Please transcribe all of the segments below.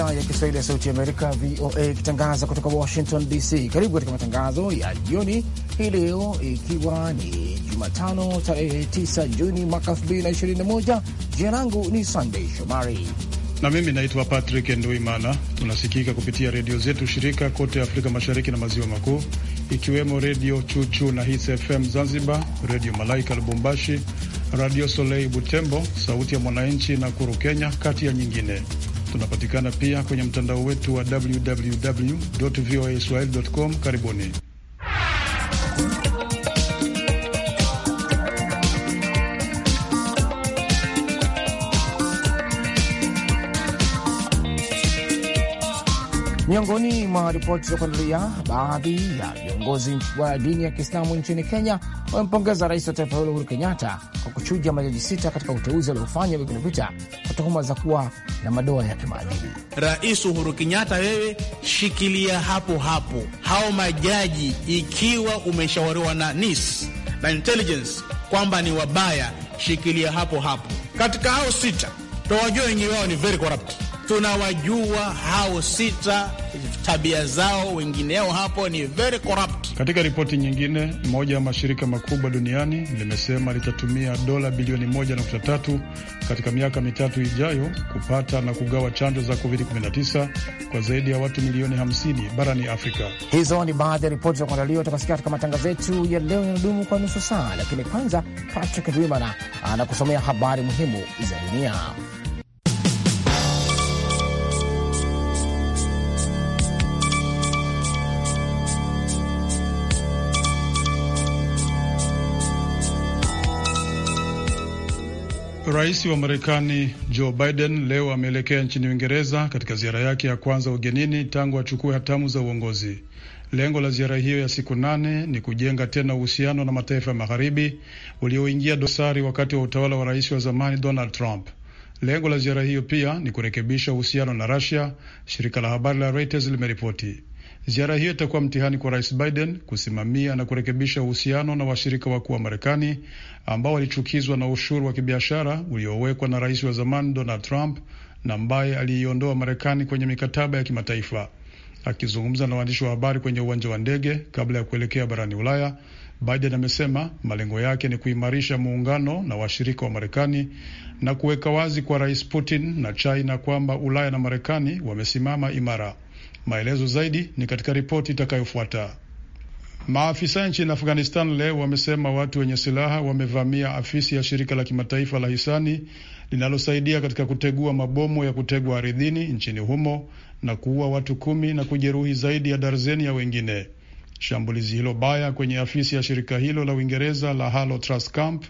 idhaa ya Kiswahili ya Sauti ya Amerika, VOA, ikitangaza kutoka Washington DC. Karibu katika matangazo ya jioni hii leo, ikiwa ni Jumatano tarehe 9 Juni mwaka 2021. Jina langu ni Sandei Shomari na mimi naitwa Patrick Nduimana. Tunasikika kupitia redio zetu shirika kote Afrika Mashariki na Maziwa Makuu, ikiwemo Redio Chuchu na Hits FM Zanzibar, Redio Malaika Lubumbashi, Radio Soleil Butembo, Sauti ya Mwananchi na Kuru Kenya, kati ya nyingine. Tunapatikana pia kwenye mtandao wetu wa www voa swahili com. Karibuni. Miongoni mwa ripoti za kuandalia, baadhi ya viongozi wa dini ya Kiislamu nchini Kenya wamempongeza rais wa taifa hilo Uhuru Kenyatta kwa kuchuja majaji sita katika uteuzi aliofanya wiki iliyopita kwa tuhuma za kuwa na madoa ya kimaadili. Rais Uhuru Kenyatta, wewe shikilia hapo hapo hao majaji, ikiwa umeshauriwa na NIS na intelligence kwamba ni wabaya, shikilia hapo hapo. Katika hao sita, tawajua wengi wao ni very corrupt tunawajua hao sita, tabia zao, wengineo hapo ni very corrupt. Katika ripoti nyingine, moja ya mashirika makubwa duniani limesema litatumia dola bilioni 1.3 katika miaka mitatu ijayo kupata na kugawa chanjo za COVID-19 kwa zaidi ya watu milioni 50 barani Afrika. Hizo ni baadhi ya ripoti za kuandaliwa utakasikia katika matangazo yetu ya leo yanadumu kwa nusu saa, lakini kwanza, Patrick Dwimana anakusomea habari muhimu za dunia. Rais wa Marekani Joe Biden leo ameelekea nchini Uingereza katika ziara yake ya kwanza ugenini tangu achukue hatamu za uongozi. Lengo la ziara hiyo ya siku nane ni kujenga tena uhusiano na mataifa ya magharibi ulioingia dosari wakati wa utawala wa rais wa zamani Donald Trump. Lengo la ziara hiyo pia ni kurekebisha uhusiano na Russia, shirika la habari la Reuters limeripoti. Ziara hiyo itakuwa mtihani kwa Rais Biden kusimamia na kurekebisha uhusiano na washirika wakuu wa Marekani ambao walichukizwa na ushuru wa kibiashara uliowekwa na rais wa zamani Donald Trump na ambaye aliiondoa Marekani kwenye mikataba ya kimataifa. Akizungumza na waandishi wa habari kwenye uwanja wa ndege kabla ya kuelekea barani Ulaya, Biden amesema malengo yake ni kuimarisha muungano na washirika wa Marekani na kuweka wazi kwa Rais Putin na China kwamba Ulaya na Marekani wamesimama imara. Maelezo zaidi ni katika ripoti itakayofuata. Maafisa nchini Afghanistan leo wamesema watu wenye silaha wamevamia afisi ya shirika la kimataifa la hisani linalosaidia katika kutegua mabomu ya kutegwa ardhini nchini humo na kuua watu kumi na kujeruhi zaidi ya darzeni ya wengine. Shambulizi hilo baya kwenye afisi ya shirika hilo la Uingereza la Halo Trust Camp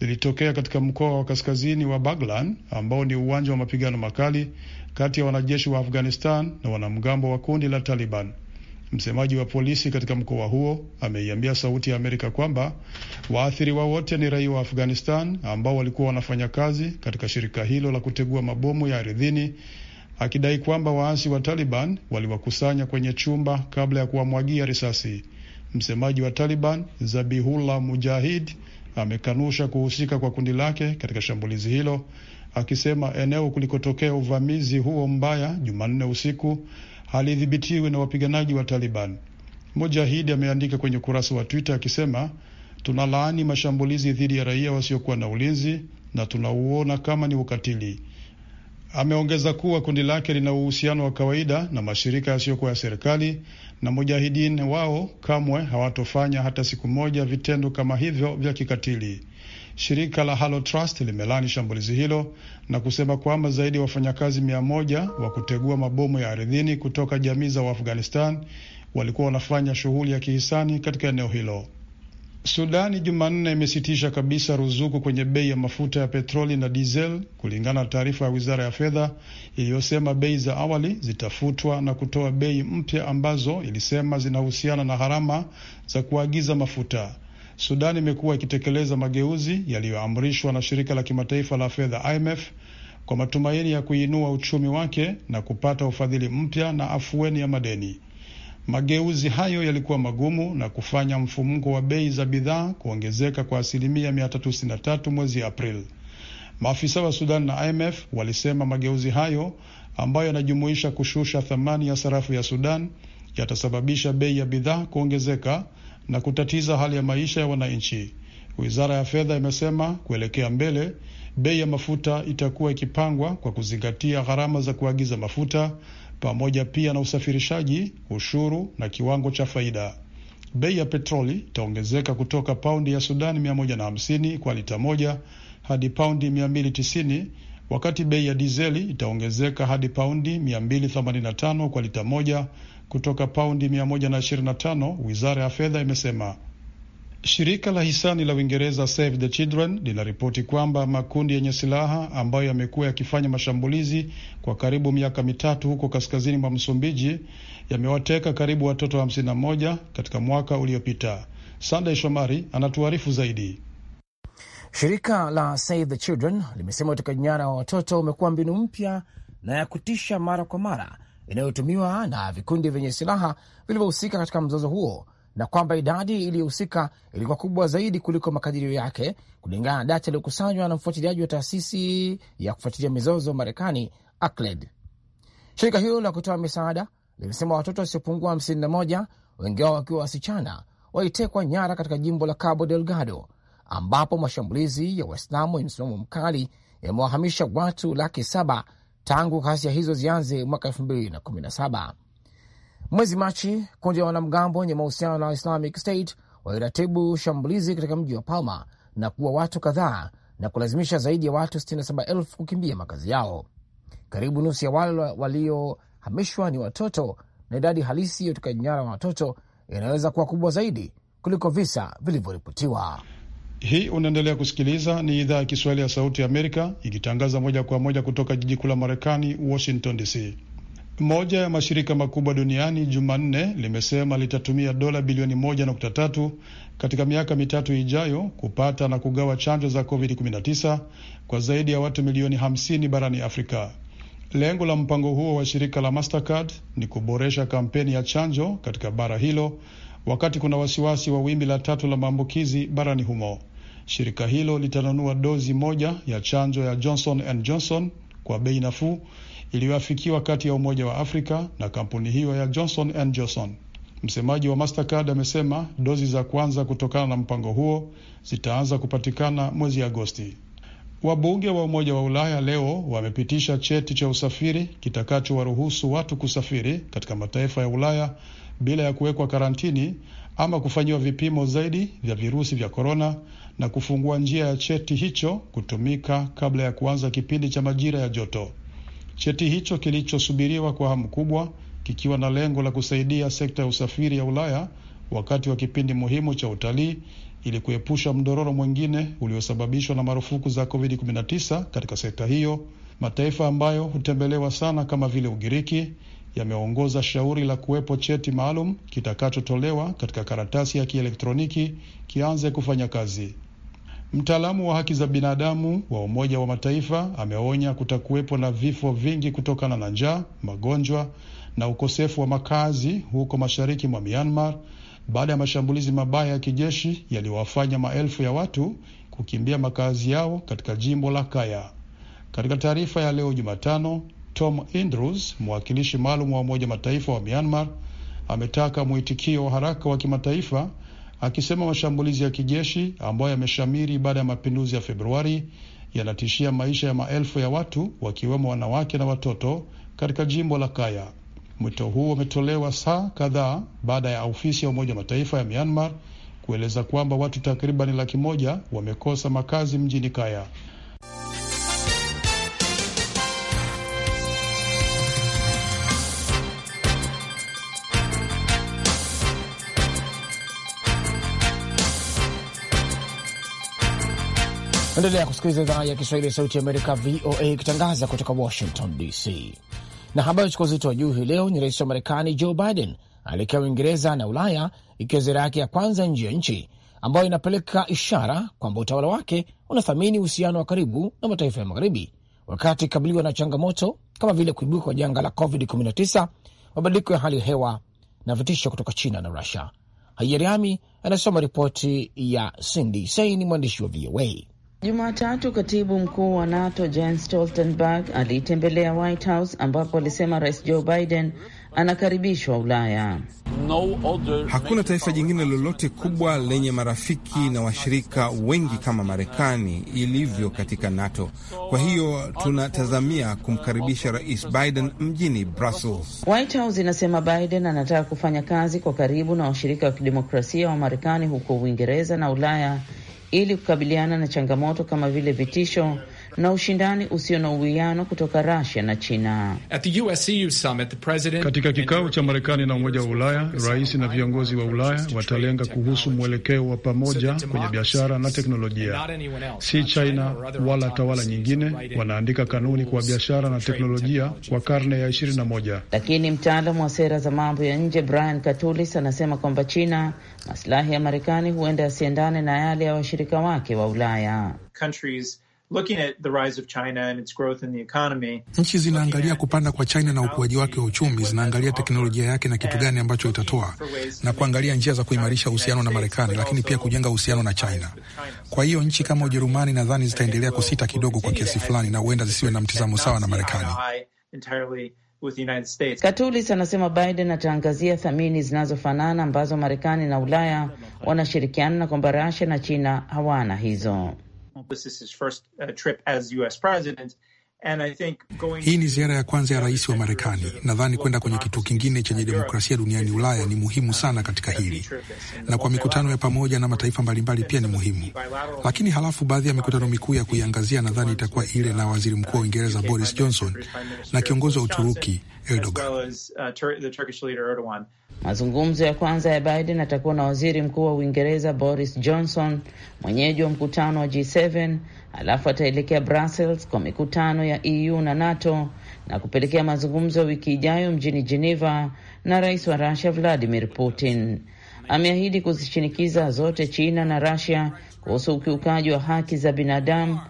lilitokea katika mkoa wa kaskazini wa baglan ambao ni uwanja wa mapigano makali kati ya wanajeshi wa Afghanistan na wanamgambo wa kundi la Taliban. Msemaji wa polisi katika mkoa huo ameiambia Sauti ya Amerika kwamba waathiriwa wote ni raia wa Afghanistan ambao walikuwa wanafanya kazi katika shirika hilo la kutegua mabomu ya ardhini, akidai kwamba waasi wa Taliban waliwakusanya kwenye chumba kabla ya kuwamwagia risasi. Msemaji wa Taliban Zabihullah Mujahid amekanusha kuhusika kwa kundi lake katika shambulizi hilo, akisema eneo kulikotokea uvamizi huo mbaya Jumanne usiku halidhibitiwi na wapiganaji wa Taliban. Mujahidi ameandika kwenye ukurasa wa Twitter akisema tunalaani mashambulizi dhidi ya raia wasiokuwa na ulinzi na tunauona kama ni ukatili. Ameongeza kuwa kundi lake lina uhusiano wa kawaida na mashirika yasiyokuwa ya serikali na mujahidin wao kamwe hawatofanya hata siku moja vitendo kama hivyo vya kikatili. Shirika la Halo Trust limelani shambulizi hilo na kusema kwamba zaidi ya wafanyakazi mia moja wa kutegua mabomu ya ardhini kutoka jamii za Waafghanistan walikuwa wanafanya shughuli ya kihisani katika eneo hilo. Sudani Jumanne imesitisha kabisa ruzuku kwenye bei ya mafuta ya petroli na dizel, kulingana na taarifa ya wizara ya fedha iliyosema bei za awali zitafutwa na kutoa bei mpya ambazo ilisema zinahusiana na gharama za kuagiza mafuta. Sudani imekuwa ikitekeleza mageuzi yaliyoamrishwa na shirika la kimataifa la fedha IMF kwa matumaini ya kuinua uchumi wake na kupata ufadhili mpya na afueni ya madeni. Mageuzi hayo yalikuwa magumu na kufanya mfumko wa bei za bidhaa kuongezeka kwa asilimia 363 mwezi Aprili. Maafisa wa Sudan na IMF walisema mageuzi hayo ambayo yanajumuisha kushusha thamani ya sarafu ya Sudan yatasababisha bei ya bidhaa kuongezeka na kutatiza hali ya maisha ya wananchi. Wizara ya fedha imesema kuelekea mbele, bei ya mafuta itakuwa ikipangwa kwa kuzingatia gharama za kuagiza mafuta pamoja pia na usafirishaji, ushuru na kiwango cha faida. Bei ya petroli itaongezeka kutoka paundi ya Sudani 150 kwa lita moja hadi paundi 290, wakati bei ya dizeli itaongezeka hadi paundi 285 kwa lita moja kutoka paundi 125, wizara ya fedha imesema. Shirika la hisani la Uingereza Save the Children linaripoti kwamba makundi yenye silaha ambayo yamekuwa yakifanya mashambulizi kwa karibu miaka mitatu huko kaskazini mwa Msumbiji yamewateka karibu watoto hamsini na moja katika mwaka uliopita. Sandey Shomari anatuarifu zaidi. Shirika la Save the Children limesema utekaji nyara wa watoto umekuwa mbinu mpya na ya kutisha mara kwa mara inayotumiwa na vikundi vyenye silaha vilivyohusika katika mzozo huo na kwamba idadi iliyohusika ilikuwa kubwa zaidi kuliko makadirio yake, kulingana na data iliyokusanywa na mfuatiliaji wa taasisi ya kufuatilia mizozo Marekani, ACLED. Shirika hilo la kutoa misaada limesema watoto wasiopungua 51 wengi wao wakiwa wasichana walitekwa nyara katika jimbo la Cabo Delgado ambapo mashambulizi ya Waislamu wenye msimamo mkali yamewahamisha watu laki saba tangu ghasia hizo zianze mwaka 2017. Mwezi Machi, kundi la wanamgambo wenye mahusiano na Islamic State waliratibu shambulizi katika mji wa Palma na kuwa watu kadhaa na kulazimisha zaidi ya watu 67,000 kukimbia makazi yao. Karibu nusu ya wale waliohamishwa ni watoto, na idadi halisi ya utekaji nyara wa watoto inaweza kuwa kubwa zaidi kuliko visa vilivyoripotiwa. Hii unaendelea kusikiliza, ni idhaa ya Kiswahili ya Sauti ya Amerika ikitangaza moja kwa moja kutoka jiji kuu la Marekani, Washington DC. Moja ya mashirika makubwa duniani Jumanne limesema litatumia dola bilioni moja nukta tatu katika miaka mitatu ijayo kupata na kugawa chanjo za COVID-19 kwa zaidi ya watu milioni 50 barani Afrika. Lengo la mpango huo wa shirika la Mastercard ni kuboresha kampeni ya chanjo katika bara hilo wakati kuna wasiwasi wa wimbi la tatu la maambukizi barani humo. Shirika hilo litanunua dozi moja ya chanjo ya Johnson and Johnson kwa bei nafuu iliyoafikiwa kati ya Umoja wa Afrika na kampuni hiyo ya Johnson and Johnson. Msemaji wa Mastercard amesema dozi za kwanza kutokana na mpango huo zitaanza kupatikana mwezi Agosti. Wabunge wa Umoja wa Ulaya leo wamepitisha cheti cha usafiri kitakachowaruhusu watu kusafiri katika mataifa ya Ulaya bila ya kuwekwa karantini ama kufanyiwa vipimo zaidi vya virusi vya korona na kufungua njia ya cheti hicho kutumika kabla ya kuanza kipindi cha majira ya joto. Cheti hicho kilichosubiriwa kwa hamu kubwa kikiwa na lengo la kusaidia sekta ya usafiri ya Ulaya wakati wa kipindi muhimu cha utalii ili kuepusha mdororo mwingine uliosababishwa na marufuku za COVID-19 katika sekta hiyo. Mataifa ambayo hutembelewa sana kama vile Ugiriki yameongoza shauri la kuwepo cheti maalum kitakachotolewa katika karatasi ya kielektroniki kianze kufanya kazi. Mtaalamu wa haki za binadamu wa Umoja wa Mataifa ameonya kutakuwepo na vifo vingi kutokana na njaa, magonjwa na ukosefu wa makazi huko mashariki mwa Myanmar baada ya mashambulizi mabaya ya kijeshi yaliyowafanya maelfu ya watu kukimbia makazi yao katika jimbo la Kaya. Katika taarifa ya leo Jumatano, Tom Indrus, mwakilishi maalum wa Umoja Mataifa wa Myanmar, ametaka mwitikio wa haraka wa kimataifa akisema mashambulizi ya kijeshi ambayo yameshamiri baada ya mapinduzi ya Februari yanatishia maisha ya maelfu ya watu wakiwemo wanawake na watoto katika jimbo la Kaya. Mwito huu umetolewa saa kadhaa baada ya ofisi ya Umoja Mataifa ya Myanmar kueleza kwamba watu takribani laki moja wamekosa makazi mjini Kaya. Endelea kusikiliza idhaa ya Kiswahili ya Sauti ya Amerika, VOA, ikitangaza kutoka Washington DC. Na habari chukua uzito wa juu hii leo ni rais wa Marekani Joe Biden alielekea Uingereza na Ulaya, ikiwa ziara yake ya kwanza nje ya nchi ambayo inapeleka ishara kwamba utawala wake unathamini uhusiano wa karibu na mataifa ya Magharibi, wakati ikabiliwa na changamoto kama vile kuibuka kwa janga la COVID-19, mabadiliko ya hali ya hewa na vitisho kutoka China na Rusia. Haiyariami anasoma ripoti ya Cindy Sein, mwandishi wa VOA. Jumatatu katibu mkuu wa NATO Jens Stoltenberg aliitembelea White House ambapo alisema Rais Joe Biden anakaribishwa Ulaya. Hakuna taifa jingine lolote kubwa lenye marafiki na washirika wengi kama Marekani ilivyo katika NATO. Kwa hiyo tunatazamia kumkaribisha Rais Biden mjini Brussels. White House inasema Biden anataka kufanya kazi kwa karibu na washirika wa kidemokrasia wa Marekani huko Uingereza na Ulaya ili kukabiliana na changamoto kama vile vitisho na ushindani usio na uwiano kutoka rusia na China. E Katika kikao cha Marekani na Umoja wa Ulaya, rais na viongozi wa Ulaya watalenga kuhusu mwelekeo wa pamoja kwenye biashara na teknolojia. Si China wala tawala nyingine wanaandika kanuni kwa biashara na teknolojia kwa karne ya moja Lakini mtaalamu wa sera za mambo ya nje Brian Katulis anasema kwamba China, maslahi ya Marekani huenda yasiendane na yale ya washirika wake wa Ulaya. Countries Nchi zinaangalia kupanda kwa China na ukuaji wake wa uchumi, zinaangalia teknolojia yake na kitu gani ambacho itatoa, na kuangalia njia za kuimarisha uhusiano na Marekani, lakini pia kujenga uhusiano na China. Kwa hiyo nchi kama Ujerumani nadhani zitaendelea kusita kidogo kwa kiasi fulani, na huenda zisiwe na mtizamo sawa na Marekani. Katulis anasema Biden ataangazia thamini zinazofanana ambazo Marekani na Ulaya wanashirikiana na kwamba rasia na China hawana hizo. Uh, Hii ni ziara ya kwanza ya rais wa Marekani. Nadhani kwenda kwenye kituo kingine chenye demokrasia duniani Ulaya ni muhimu sana katika hili, na kwa mikutano ya pamoja na mataifa mbalimbali pia ni muhimu. Lakini halafu baadhi ya mikutano mikuu ya kuiangazia nadhani itakuwa ile na waziri mkuu wa Uingereza Boris Johnson na kiongozi wa Uturuki Erdogan. As well as, uh, Tur the Turkish leader Erdogan. Mazungumzo ya kwanza ya Biden atakuwa na waziri mkuu wa Uingereza Boris Johnson, mwenyeji wa mkutano wa G7, alafu ataelekea Brussels kwa mikutano ya EU na NATO na kupelekea mazungumzo ya wiki ijayo mjini Geneva na rais wa Rusia Vladimir Putin. Ameahidi kuzishinikiza zote China na rasia kuhusu ukiukaji wa haki za binadamu.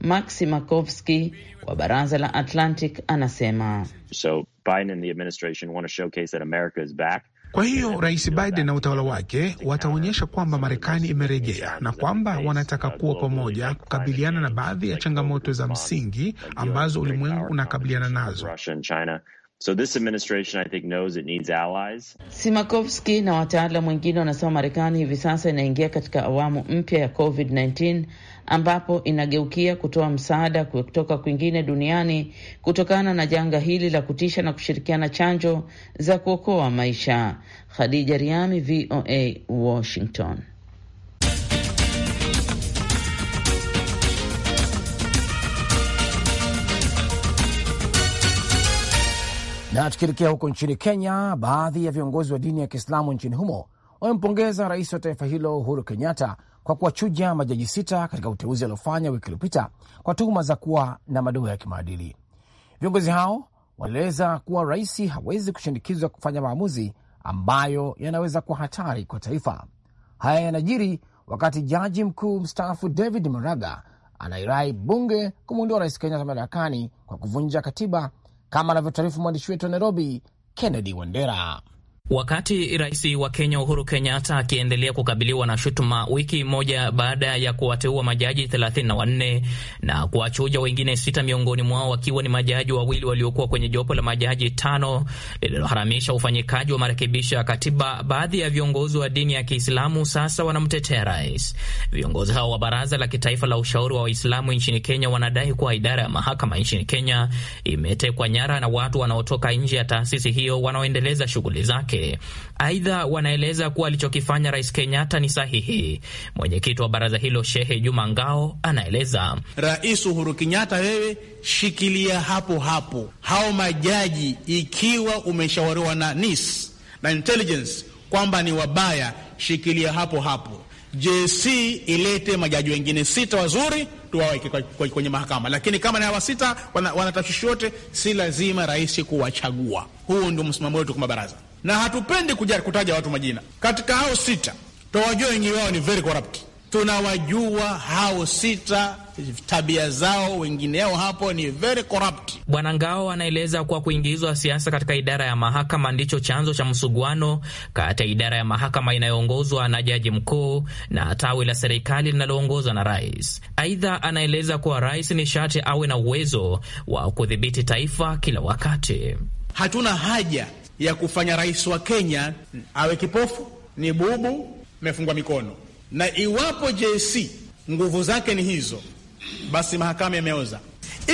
Maxi Makovski wa baraza la Atlantic anasema so, Biden and the administration want to showcase that America is back. Kwa hiyo Rais Biden na utawala wake wataonyesha kwamba Marekani imerejea na kwamba wanataka kuwa pamoja kukabiliana na baadhi ya changamoto za msingi ambazo ulimwengu unakabiliana nazo. So this administration I think knows it needs allies. na wataalam wengine wanasema Marekani hivi sasa inaingia katika awamu mpya ya COVID-19 ambapo inageukia kutoa msaada kutoka kwingine duniani kutokana na janga hili la kutisha na kushirikiana chanjo za kuokoa maisha. Khadija Riami, VOA Washington. Na tukielekea huko nchini Kenya, baadhi ya viongozi wa dini ya Kiislamu nchini humo wamempongeza rais wa taifa hilo Uhuru Kenyatta kwa kuwachuja majaji sita katika uteuzi aliofanya wiki iliyopita kwa tuhuma za kuwa na madoa ya kimaadili. Viongozi hao wanaeleza kuwa rais hawezi kushinikizwa kufanya maamuzi ambayo yanaweza kuwa hatari kwa taifa. Haya yanajiri wakati jaji mkuu mstaafu David Maraga anairai bunge kumwondoa rais Kenyatta madarakani kwa kuvunja katiba, kama anavyotaarifu mwandishi wetu wa Nairobi, Kennedy Wandera. Wakati rais wa Kenya Uhuru Kenyatta akiendelea kukabiliwa na shutuma wiki moja baada ya kuwateua majaji 34 na kuwachuja wengine sita, miongoni mwao wakiwa ni majaji wawili waliokuwa kwenye jopo la majaji tano lililoharamisha ufanyikaji wa marekebisho ya katiba, baadhi ya viongozi wa dini ya Kiislamu sasa wanamtetea rais. Viongozi hao wa Baraza la Kitaifa la Ushauri wa Waislamu nchini Kenya wanadai kuwa idara ya mahakama nchini Kenya imetekwa nyara na watu wanaotoka nje ya taasisi hiyo wanaoendeleza shughuli zake. Aidha, wanaeleza kuwa alichokifanya Rais Kenyatta ni sahihi. Mwenyekiti wa baraza hilo Shehe Juma Ngao anaeleza, Rais Uhuru Kenyatta, wewe shikilia hapo hapo hao majaji, ikiwa umeshauriwa na NIS na intelligence kwamba ni wabaya, shikilia hapo hapo. JC ilete majaji wengine sita wazuri tuwaweke kwenye mahakama, lakini kama ni hawa sita wana, wote yote, si lazima rais kuwachagua. Huu ndio msimamo wetu kama baraza na hatupendi kuja kutaja watu majina. Katika hao sita, tunawajua wengi wao ni very corrupt, tunawajua hao sita tabia zao, wengineo hapo ni very corrupt. Bwana Ngao anaeleza kuwa kuingizwa siasa katika idara ya mahakama ndicho chanzo cha msuguano kati ya idara ya mahakama inayoongozwa na jaji mkuu na tawi la serikali linaloongozwa na rais. Aidha, anaeleza kuwa rais ni sharti awe na uwezo wa kudhibiti taifa kila wakati. Hatuna haja ya kufanya rais wa Kenya awe kipofu, ni bubu, mefungwa mikono. Na iwapo JC nguvu zake ni hizo, basi mahakama imeoza.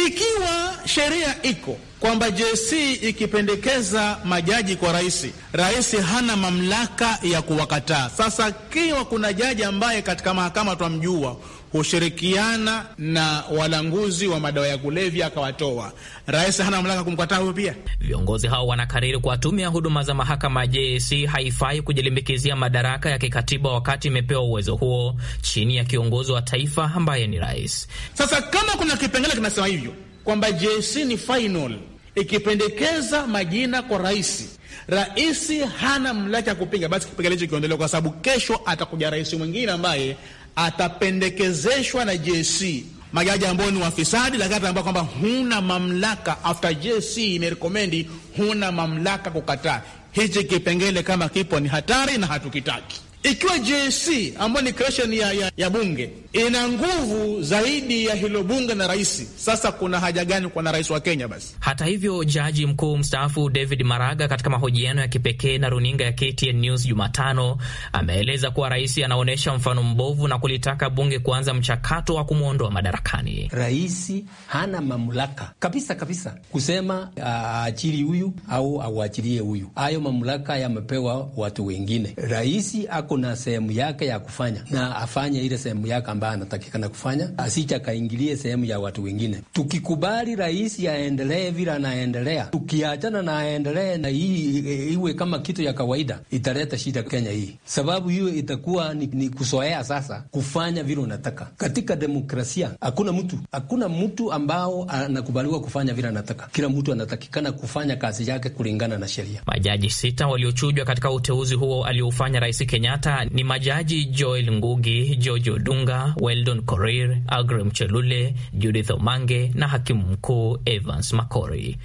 Ikiwa sheria iko kwamba JC ikipendekeza majaji kwa rais, rais hana mamlaka ya kuwakataa. Sasa kiwa kuna jaji ambaye katika mahakama twamjua hushirikiana na walanguzi wa madawa ya kulevya akawatoa. Rais hana mamlaka kumkataa huyo. Pia viongozi hao wanakariri kuwa tume ya huduma za mahakama JSC haifai kujilimbikizia madaraka ya kikatiba wakati imepewa uwezo huo chini ya kiongozi wa taifa ambaye ni rais. Sasa kama kuna kipengele kinasema hivyo kwamba JSC ni final ikipendekeza majina kwa rais, rais hana mamlaka ya kupinga, basi kipengele hicho kiondolewa, kwa sababu kesho atakuja rais mwingine ambaye atapendekezeshwa na JC majaji ambao ni wafisadi, lakini ataambia kwamba huna mamlaka, after JC imerekomendi, huna mamlaka kukataa. Hichi kipengele kama kipo ni hatari na hatukitaki. Ikiwa JC ambayo ni creation ya, ya, ya bunge ina nguvu zaidi ya hilo bunge na rais, sasa kuna haja gani kuwa na rais wa Kenya? Basi hata hivyo, jaji mkuu mstaafu David Maraga katika mahojiano ya kipekee na runinga ya KTN News Jumatano ameeleza kuwa rais anaonyesha mfano mbovu na kulitaka bunge kuanza mchakato wa kumwondoa madarakani. Rais hana mamlaka kabisa kabisa kusema ah, aachili huyu au auachilie huyu. Hayo mamlaka yamepewa watu wengine. Rais ako na sehemu yake ya kufanya na afanye ile sehemu yake ambayo anatakikana kufanya, asicha kaingilie sehemu ya watu wengine. Tukikubali rais aendelee vile anaendelea, tukiachana na aendelee na hii iwe kama kitu ya kawaida, italeta shida Kenya hii, sababu hiyo itakuwa ni, ni kusoea sasa kufanya vile unataka. Katika demokrasia hakuna mtu hakuna mtu ambao anakubaliwa kufanya vile anataka. Kila mtu anatakikana kufanya kazi yake kulingana na sheria. Majaji sita waliochujwa katika uteuzi huo aliofanya Rais Kenyatta Kenyatta ni majaji Joel Ngugi, George Odunga, Weldon Korir, Agre Chelule, Judith Omange na hakimu mkuu Evans Makori.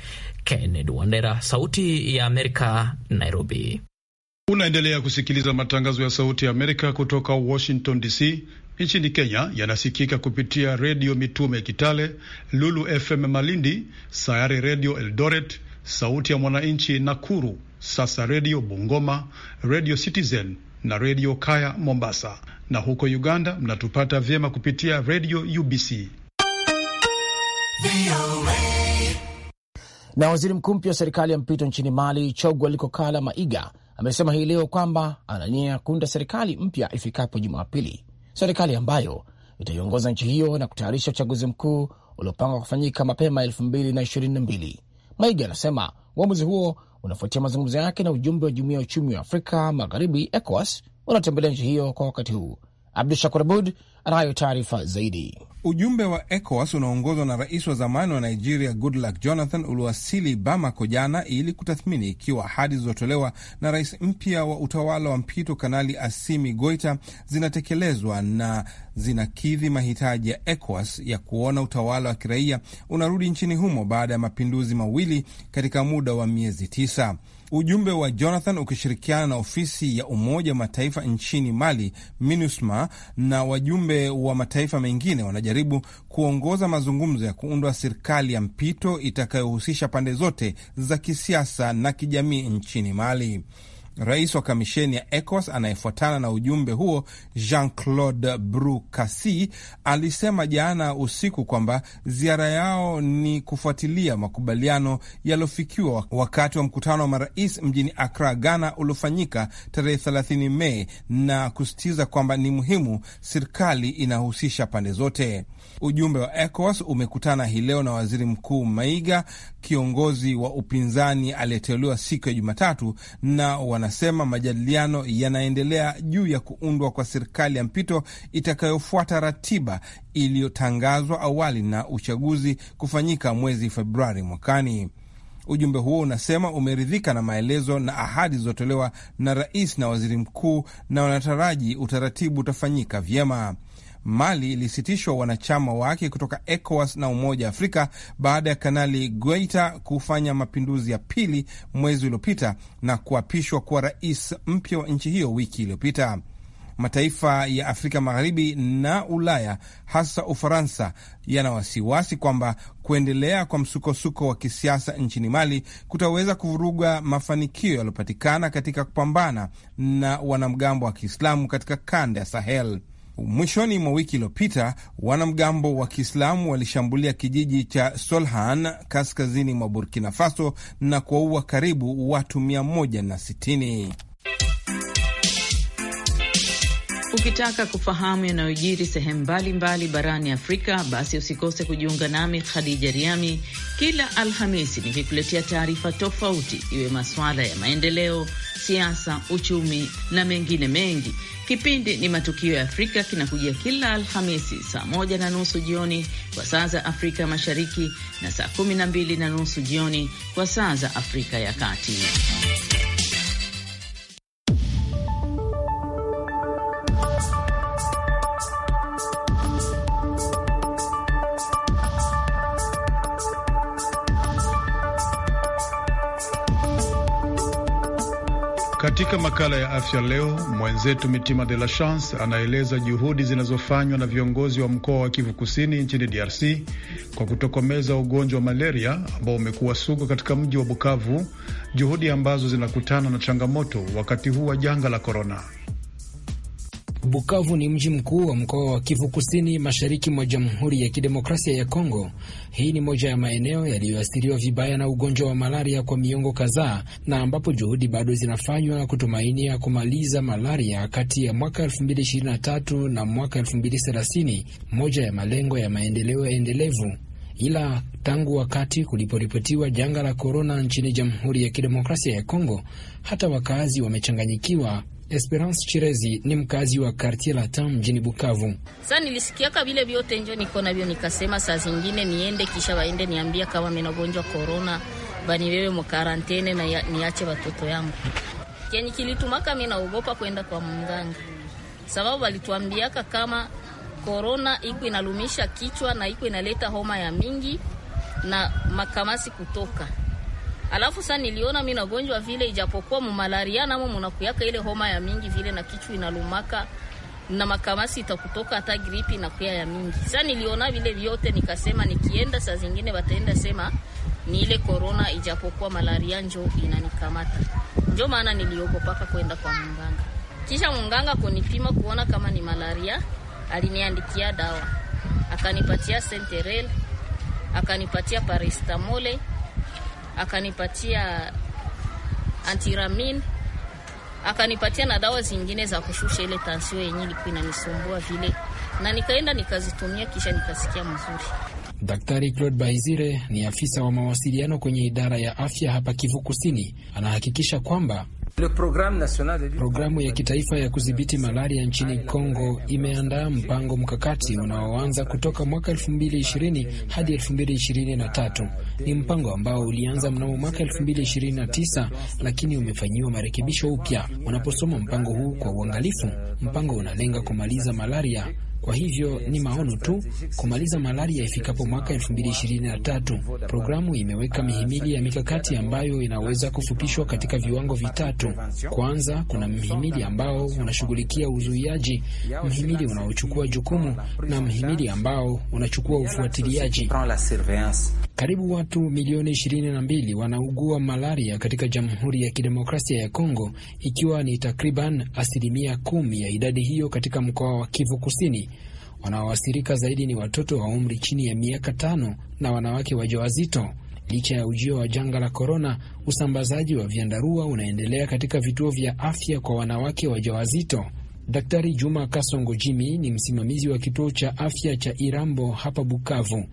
Kennedy Wandera, Sauti ya Amerika, Nairobi. Unaendelea kusikiliza matangazo ya Sauti ya Amerika kutoka Washington DC. Nchini Kenya yanasikika kupitia Redio Mitume Kitale, Lulu FM Malindi, Sayari Redio Eldoret, Sauti ya Mwananchi Nakuru, sasa Redio Bungoma, Redio Citizen na redio Kaya Mombasa, na huko Uganda mnatupata vyema kupitia redio UBC. Na waziri mkuu mpya wa serikali ya mpito nchini Mali, Chogwa Likokala Maiga, amesema hii leo kwamba ana kunda kuunda serikali mpya ifikapo Jumapili, serikali ambayo itaiongoza nchi hiyo na kutayarisha uchaguzi mkuu uliopangwa kufanyika mapema elfu mbili na ishirini na mbili. Maiga anasema uamuzi huo unafuatia mazungumzo yake na ujumbe wa jumuiya ya uchumi wa Afrika Magharibi, ECOWAS, unatembelea nchi hiyo kwa wakati huu Abdu Shakur Abud anayo taarifa zaidi. Ujumbe wa ECOWAS unaoongozwa na rais wa zamani wa Nigeria Goodluck Jonathan uliwasili Bamako jana ili kutathmini ikiwa ahadi zilizotolewa na rais mpya wa utawala wa mpito Kanali Asimi Goita zinatekelezwa na zinakidhi mahitaji ya ECOWAS ya kuona utawala wa kiraia unarudi nchini humo baada ya mapinduzi mawili katika muda wa miezi tisa. Ujumbe wa Jonathan ukishirikiana na ofisi ya Umoja wa Mataifa nchini Mali, MINUSMA, na wajumbe wa mataifa mengine wanajaribu kuongoza mazungumzo ya kuundwa serikali ya mpito itakayohusisha pande zote za kisiasa na kijamii nchini Mali. Rais wa kamisheni ya ECOWAS anayefuatana na ujumbe huo Jean-Claude Brucasi alisema jana usiku kwamba ziara yao ni kufuatilia makubaliano yaliyofikiwa wakati wa mkutano wa marais mjini akra Ghana, uliofanyika tarehe 30 Mei na kusisitiza kwamba ni muhimu serikali inahusisha pande zote. Ujumbe wa ECOWAS umekutana hii leo na waziri mkuu Maiga, kiongozi wa upinzani aliyeteuliwa siku ya Jumatatu, na wanasema majadiliano yanaendelea juu ya kuundwa kwa serikali ya mpito itakayofuata ratiba iliyotangazwa awali na uchaguzi kufanyika mwezi Februari mwakani. Ujumbe huo unasema umeridhika na maelezo na ahadi zilizotolewa na rais na waziri mkuu na wanataraji utaratibu utafanyika vyema. Mali ilisitishwa wanachama wake kutoka ECOWAS na Umoja wa Afrika baada ya Kanali Guaita kufanya mapinduzi ya pili mwezi uliopita na kuapishwa kuwa rais mpya wa nchi hiyo wiki iliyopita. Mataifa ya Afrika Magharibi na Ulaya hasa Ufaransa yana wasiwasi kwamba kuendelea kwa msukosuko wa kisiasa nchini Mali kutaweza kuvuruga mafanikio yaliyopatikana katika kupambana na wanamgambo wa Kiislamu katika kanda ya Sahel. Mwishoni mwa wiki iliyopita wanamgambo wa Kiislamu walishambulia kijiji cha Solhan kaskazini mwa Burkina Faso na kuwaua karibu watu 160. Ukitaka kufahamu yanayojiri sehemu mbalimbali barani Afrika, basi usikose kujiunga nami Khadija Riami kila Alhamisi nikikuletea taarifa tofauti, iwe masuala ya maendeleo, siasa, uchumi na mengine mengi. Kipindi ni Matukio ya Afrika kinakujia kila Alhamisi saa moja na nusu jioni kwa saa za Afrika Mashariki na saa kumi na mbili na nusu jioni kwa saa za Afrika ya Kati. Katika makala ya afya leo, mwenzetu Mitima de la Chance anaeleza juhudi zinazofanywa na viongozi wa mkoa wa Kivu Kusini nchini DRC kwa kutokomeza ugonjwa wa malaria ambao umekuwa sugu katika mji wa Bukavu, juhudi ambazo zinakutana na changamoto wakati huu wa janga la korona. Bukavu ni mji mkuu wa mkoa wa Kivu Kusini, mashariki mwa Jamhuri ya Kidemokrasia ya Kongo. Hii ni moja ya maeneo yaliyoathiriwa vibaya na ugonjwa wa malaria kwa miongo kadhaa, na ambapo juhudi bado zinafanywa kutumainia kumaliza malaria kati ya mwaka 2023 na mwaka 2030, moja ya malengo ya maendeleo endelevu. Ila tangu wakati kuliporipotiwa janga la korona nchini Jamhuri ya Kidemokrasia ya Kongo, hata wakazi wamechanganyikiwa Esperance Chirezi ni mkazi wa Quartier Latin mjini Bukavu. Sasa nilisikiaka vile vyote njo niko navyo, nikasema saa zingine niende, kisha waende niambia kama minagonjwa korona, baniwewe mkarantene na ya, niache watoto yangu. Kenye kilitumaka mimi naogopa kwenda kwa munganga, sababu walituambiaka kama korona iko inalumisha kichwa na iko inaleta homa ya mingi na makamasi kutoka Alafu sasa niliona mimi nagonjwa vile, ijapokuwa mumalaria namo munakuyaka ile homa ya mingi vile na kichwa inalumaka na makamasi itakutoka hata gripi na kuya ya mingi. Sasa niliona vile vyote, nikasema nikienda saa zingine wataenda sema ni ile corona, ijapokuwa malaria njo inanikamata. njo maana niliogopaka kwenda kwa munganga. Kisha munganga kunipima kuona kama ni malaria, aliniandikia dawa, akanipatia senterel, akanipatia paracetamol akanipatia antiramin, akanipatia na dawa zingine za kushusha ile tansio yenyewe ilikuwa inanisumbua vile, na nikaenda nikazitumia, kisha nikasikia mzuri. Daktari Claude baizire ni afisa wa mawasiliano kwenye idara ya afya hapa Kivu Kusini, anahakikisha kwamba Programu ya kitaifa ya kudhibiti malaria nchini Kongo imeandaa mpango mkakati unaoanza kutoka mwaka 2020 hadi 2023. Ni mpango ambao ulianza mnamo mwaka 2029 lakini umefanyiwa marekebisho upya. Unaposoma mpango huu kwa uangalifu, mpango unalenga kumaliza malaria kwa hivyo ni maono tu kumaliza malaria ifikapo mwaka 2023. Programu imeweka mihimili ya mikakati ambayo inaweza kufupishwa katika viwango vitatu. Kwanza, kuna mhimili ambao unashughulikia uzuiaji, mhimili unaochukua jukumu na mhimili ambao unachukua ufuatiliaji. Karibu watu milioni 22 wanaugua malaria katika Jamhuri ya Kidemokrasia ya Kongo, ikiwa ni takriban asilimia kumi ya idadi hiyo katika mkoa wa Kivu Kusini. Wanaoathirika zaidi ni watoto wa umri chini ya miaka tano na wanawake wajawazito. Licha ya ujio wa janga la korona, usambazaji wa vyandarua unaendelea katika vituo vya afya kwa wanawake wajawazito. Daktari Juma Kasongo Jimi ni msimamizi wa kituo cha afya cha Irambo hapa Bukavu.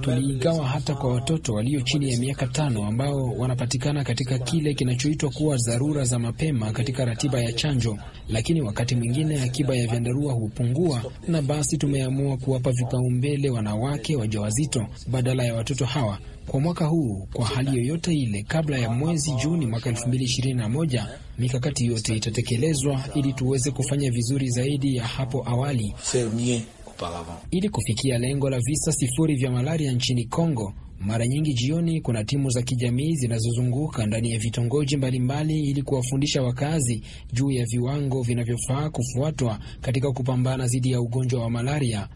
Tuliigawa hata kwa watoto walio chini ya miaka tano ambao wanapatikana katika kile kinachoitwa kuwa dharura za mapema katika ratiba ya chanjo, lakini wakati mwingine akiba ya vyandarua hupungua, na basi tumeamua kuwapa vipaumbele wanawake wajawazito badala ya watoto hawa kwa mwaka huu kwa hali yoyote ile kabla ya mwezi Juni mwaka 2021. Mikakati yote itatekelezwa ili tuweze kufanya vizuri zaidi ya hapo awali ili kufikia lengo la visa sifuri vya malaria nchini Kongo. Mara nyingi jioni kuna timu za kijamii zinazozunguka ndani ya vitongoji mbalimbali ili kuwafundisha wakazi juu ya viwango vinavyofaa kufuatwa katika kupambana dhidi ya ugonjwa wa malaria.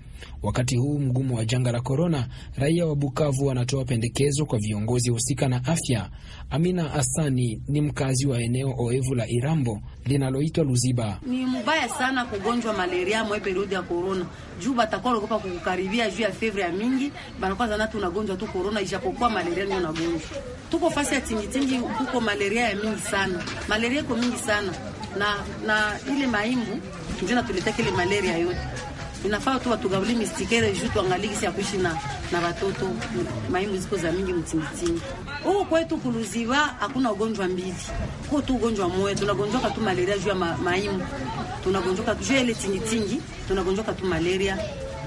Wakati huu mgumu wa janga la korona, raia wa Bukavu wanatoa pendekezo kwa viongozi husika na afya. Amina Asani ni mkazi wa eneo oevu la Irambo linaloitwa Luziba. Ni mbaya sana kugonjwa malaria mwe periodi ya korona, juu batakuwa naogopa kukukaribia juu ya fevre ya mingi, banakuwa zana unagonjwa tu korona, ijapokuwa malaria ndio nagonjwa. Tuko fasi ya tingitingi, huko malaria ya mingi sana, malaria iko mingi sana na, na ile maimbu ndio natuletea kile malaria yote inafaa tu watugabuli mistikere juu tuangalie ya kuishi na, na watoto maimu ziko za mingi mtimitingi huko kwetu kuluziva hakuna ugonjwa mbili huko tu ugonjwa mmoja tunagonjoka tu malaria juu ya ma, maimu tunagonjoka juu ile tingitingi tunagonjoka tu malaria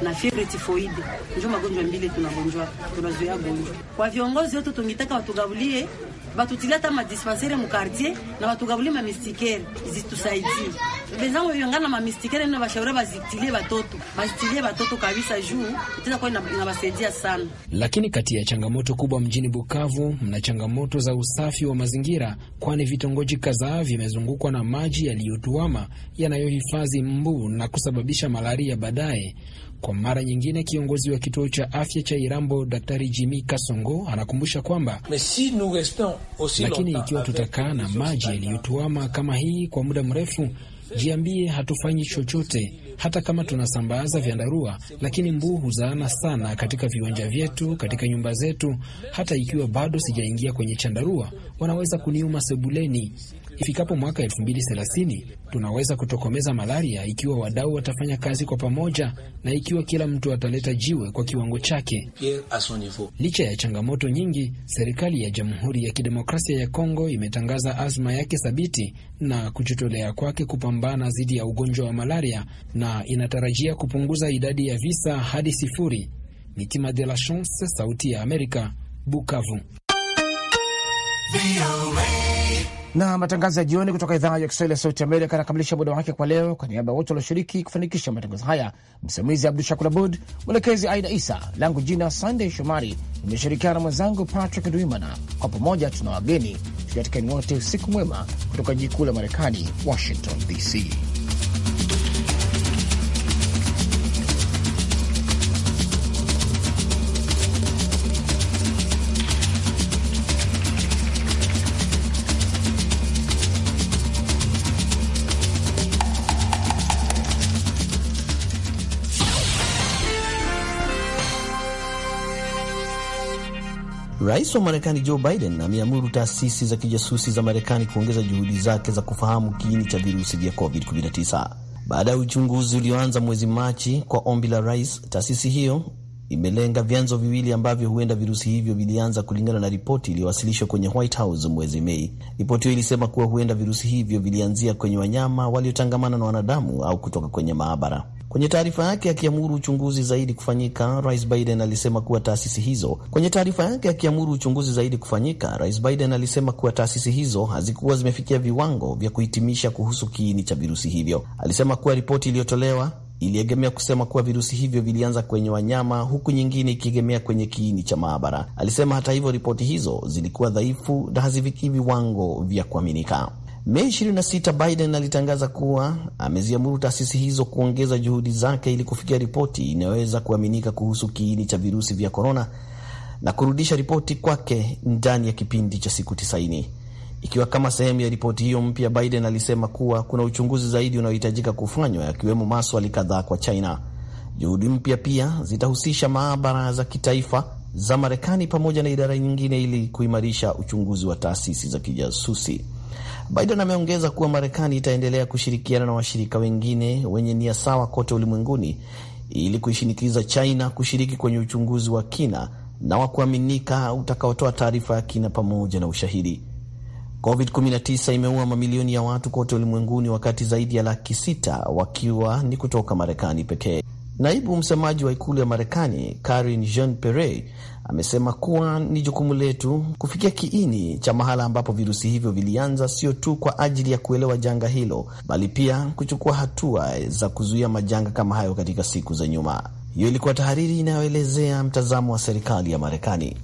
na fievre tifoide ndio magonjwa mbili tunagonjwa tunazoea gonjwa kwa viongozi wetu tungitaka watugabulie batutilia ma dispensaire na zitusaidie benzangu na bashauri bazitilie batoto bazitilie batoto kabisa juu itaweza kuwa inabasaidia sana. Lakini kati ya changamoto kubwa mjini Bukavu mna changamoto za usafi wa mazingira, kwani vitongoji kadhaa vimezungukwa na maji yaliyotuama yanayohifadhi mbu na kusababisha malaria baadaye. Kwa mara nyingine, kiongozi wa kituo cha afya cha Irambo Daktari Jimi Kasongo anakumbusha kwamba si lakini, ikiwa tutakaa na maji yaliyotuama kama hii kwa muda mrefu, jiambie hatufanyi chochote hata kama tunasambaza vyandarua, lakini mbu huzaana sana katika viwanja vyetu, katika nyumba zetu. Hata ikiwa bado sijaingia kwenye chandarua, wanaweza kuniuma sebuleni. Ifikapo mwaka 2030 tunaweza kutokomeza malaria ikiwa wadau watafanya kazi kwa pamoja na ikiwa kila mtu ataleta jiwe kwa kiwango chake. Licha ya changamoto nyingi, serikali ya Jamhuri ya Kidemokrasia ya Kongo imetangaza azma yake thabiti na kujitolea kwake kupambana dhidi ya ugonjwa wa malaria na inatarajia kupunguza idadi ya visa hadi sifuri. Mitima de la Chance, Sauti ya Amerika, Bukavu na matangazo ya jioni kutoka idhaa ya Kiswahili ya Sauti Amerika anakamilisha muda wake kwa leo. Kwa niaba ya wote walioshiriki kufanikisha matangazo haya, msimamizi Abdu Shakur Abud, mwelekezi Aida Isa, langu jina Sandey Shomari, imeshirikiana na mwenzangu Patrick Dwimana. Kwa pamoja tuna wageni tukiatikani wote usiku mwema kutoka jikuu la Marekani, Washington DC. Rais wa Marekani Joe Biden ameamuru taasisi za kijasusi za Marekani kuongeza juhudi zake za kufahamu kiini cha virusi vya COVID-19 baada ya uchunguzi ulioanza mwezi Machi kwa ombi la rais. Taasisi hiyo imelenga vyanzo viwili ambavyo huenda virusi hivyo vilianza, kulingana na ripoti iliyowasilishwa kwenye White House mwezi Mei. Ripoti hiyo ilisema kuwa huenda virusi hivyo vilianzia kwenye wanyama waliotangamana na wanadamu au kutoka kwenye maabara. Kwenye taarifa yake akiamuru uchunguzi zaidi kufanyika, Rais Biden alisema kuwa taasisi hizo kwenye taarifa yake akiamuru uchunguzi zaidi kufanyika, Rais Biden alisema kuwa taasisi hizo hazikuwa zimefikia viwango vya kuhitimisha kuhusu kiini cha virusi hivyo. Alisema kuwa ripoti iliyotolewa iliegemea kusema kuwa virusi hivyo vilianza kwenye wanyama huku nyingine ikiegemea kwenye kiini cha maabara. Alisema hata hivyo, ripoti hizo zilikuwa dhaifu na hazifikii viwango vya kuaminika. Mei 26 Biden alitangaza kuwa ameziamuru taasisi hizo kuongeza juhudi zake ili kufikia ripoti inayoweza kuaminika kuhusu kiini cha virusi vya korona na kurudisha ripoti kwake ndani ya kipindi cha siku 90. Ikiwa kama sehemu ya ripoti hiyo mpya, Biden alisema kuwa kuna uchunguzi zaidi unaohitajika kufanywa, yakiwemo maswali kadhaa kwa China. Juhudi mpya pia zitahusisha maabara za kitaifa za Marekani pamoja na idara nyingine ili kuimarisha uchunguzi wa taasisi za kijasusi. Biden ameongeza kuwa Marekani itaendelea kushirikiana na washirika wengine wenye nia sawa kote ulimwenguni ili kuishinikiza China kushiriki kwenye uchunguzi wa kina na wa kuaminika utakaotoa taarifa ya kina pamoja na ushahidi. COVID-19 imeua mamilioni ya watu kote ulimwenguni wakati zaidi ya laki sita wakiwa ni kutoka Marekani pekee. Naibu msemaji wa ikulu ya Marekani karin jean Pere amesema kuwa ni jukumu letu kufikia kiini cha mahala ambapo virusi hivyo vilianza, sio tu kwa ajili ya kuelewa janga hilo, bali pia kuchukua hatua za kuzuia majanga kama hayo katika siku za nyuma. Hiyo ilikuwa tahariri inayoelezea mtazamo wa serikali ya Marekani.